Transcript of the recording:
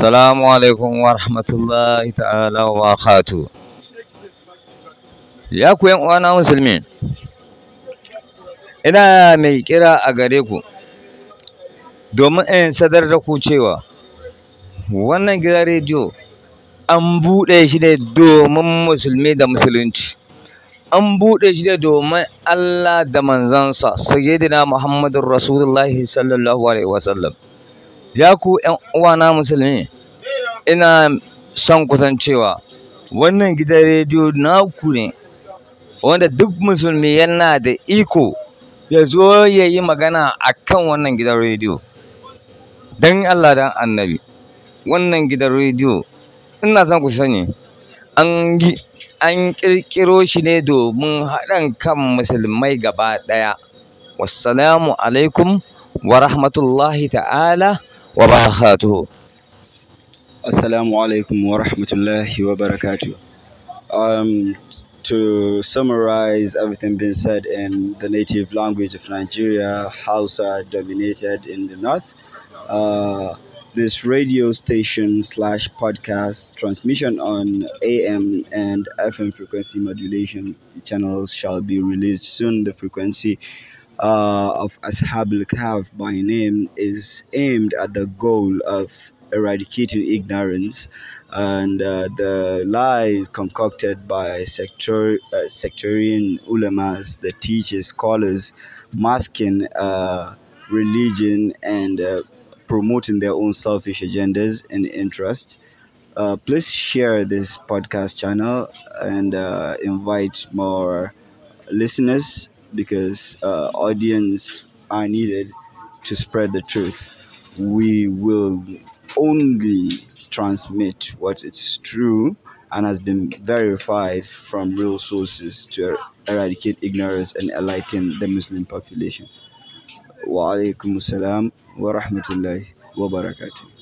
Salamu alaikum wa rahmatullahi ta'ala wa barakatu. Ya ku yan musulmi, ina mai kira a gare ku, domin in sadar da ku cewa wannan gidan rediyo an buɗe shi ne domin musulmi da musulunci. an buɗe shi da domin Allah da manzansa sayyidina Muhammadun Rasulullahi sallallahu alaihi Ya ku ‘yan uwana musulmi, ina son kusancewa wannan gidan rediyo na ku ne, wanda duk musulmi yana da iko ya zo ya yi magana a kan wannan gidan rediyo. Don Allah don annabi, wannan gidan rediyo ina son ku sani an yi an ƙirƙiro shi ne domin haɗin kan musulmai gaba ɗaya. Wassalamu alaikum wa rahmatullahi ta'ala. وبركاته Assalamu alaikum wa rahmatullahi Um, to summarize everything being said in the native language of Nigeria, Hausa dominated in the north. Uh, this radio station slash podcast transmission on AM and FM frequency modulation channels shall be released soon. The frequency uh, of Ashab al Kahf by name is aimed at the goal of eradicating ignorance and uh, the lies concocted by sector, uh, sectarian ulamas, the teachers, scholars, masking uh, religion and uh, promoting their own selfish agendas and interests. Uh, please share this podcast channel and uh, invite more listeners because uh, audience are needed to spread the truth. We will only transmit what is true and has been verified from real sources to eradicate ignorance and enlighten the Muslim population. Wa alaikum assalam wa rahmatullahi wa barakatuh.